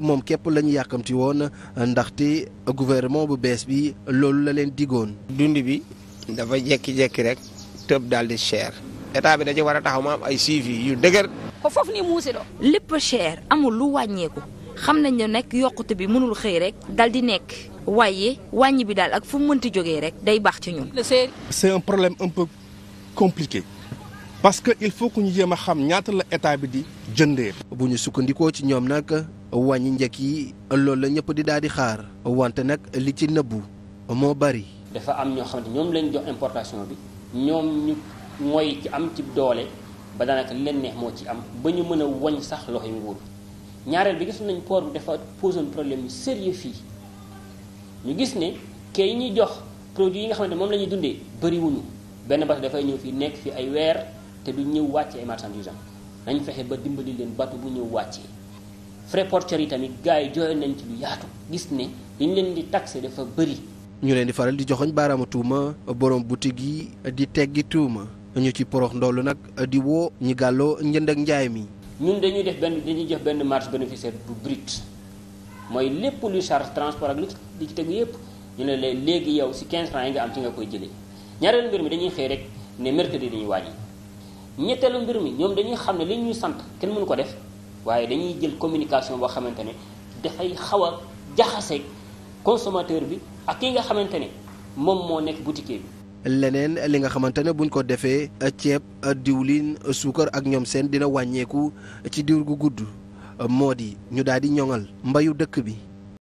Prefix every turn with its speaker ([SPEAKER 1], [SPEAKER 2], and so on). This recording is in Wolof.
[SPEAKER 1] moom képp la ñu yàkkamti woon ndaxte gouvernement bu bees bi loolu la leen diggoon. dund bi dafa jékki-jékki rek tëb daal di cher. état bi da war a taxaw ma ay suivi yu dëgër.
[SPEAKER 2] ko lépp cher amul lu wàññeeku xam nañ ne nekk yokkute bi mënul xëy rek dal di nekk waaye wàññi bi daal ak fu mu mënti jógee rek day baax ci ñun.
[SPEAKER 1] c'est un problème un peu compliqué. parce que il faut que ñu jéem a xam ñaata la état bi di jëndee. bu ñu sukkandikoo ci ñoom nag wàññi njëkk yi loolu la ñëpp di daal di xaar wante nag li ci nëbbu moo bari.
[SPEAKER 2] dafa am ñoo xam ne ñoom lañ jox importation bi ñoom ñu mooy ci am ci doole ba daanaka leen neex moo ci am ba ñu mën a wañ sax loxo yi nguur ñaareel bi gis nañ port bi dafa posé un problème yu sérieux fii ñu gis ne kay yi ñuy jox produit yi nga xam ne moom la ñuy dundee bëriwuñu benn bateau dafay ñëw fii nekk fi ay weer te du ñëw wàcce ay marchandises am nañ fexe ba dimbali leen bateau bu ñëw wàccee. frais porteur yi tamit gars yi jooyoon nañ ci lu yaatu gis ne li ñu leen di taxé dafa bëri.
[SPEAKER 1] ñu leen di faral di joxoñ baaraama tuuma borom boutique yi di teggi tuuma ñu ci porox ndoolu nag di woo ñi gàlloo njënd ak njaay mi.
[SPEAKER 2] ñun dañuy def benn dañuy def benn marge bénéficiaire bu brut mooy lépp luy charge transport ak li ci tegu yépp ñu ne la léegi yow si 15 francs yi nga am ci nga koy jëlee ñaareelu mbir mi dañuy xëy rek ne mercredi dañuy wàññi ñetteelu mbir mi ñoom dañuy xam ne li ñuy sant kenn mënu ko def. waaye dañuy jël communication boo xamante ne dafay xaw a jaxase bi ak ki nga xamante ne moom moo nekk boutique bi.
[SPEAKER 1] leneen li nga xamante ne buñ ko defee ceeb diwlin suukar ak ñoom seen dina wàññeeku ci diir gu gudd moo di ñu daal di ñoŋal mbayu dëkk bi.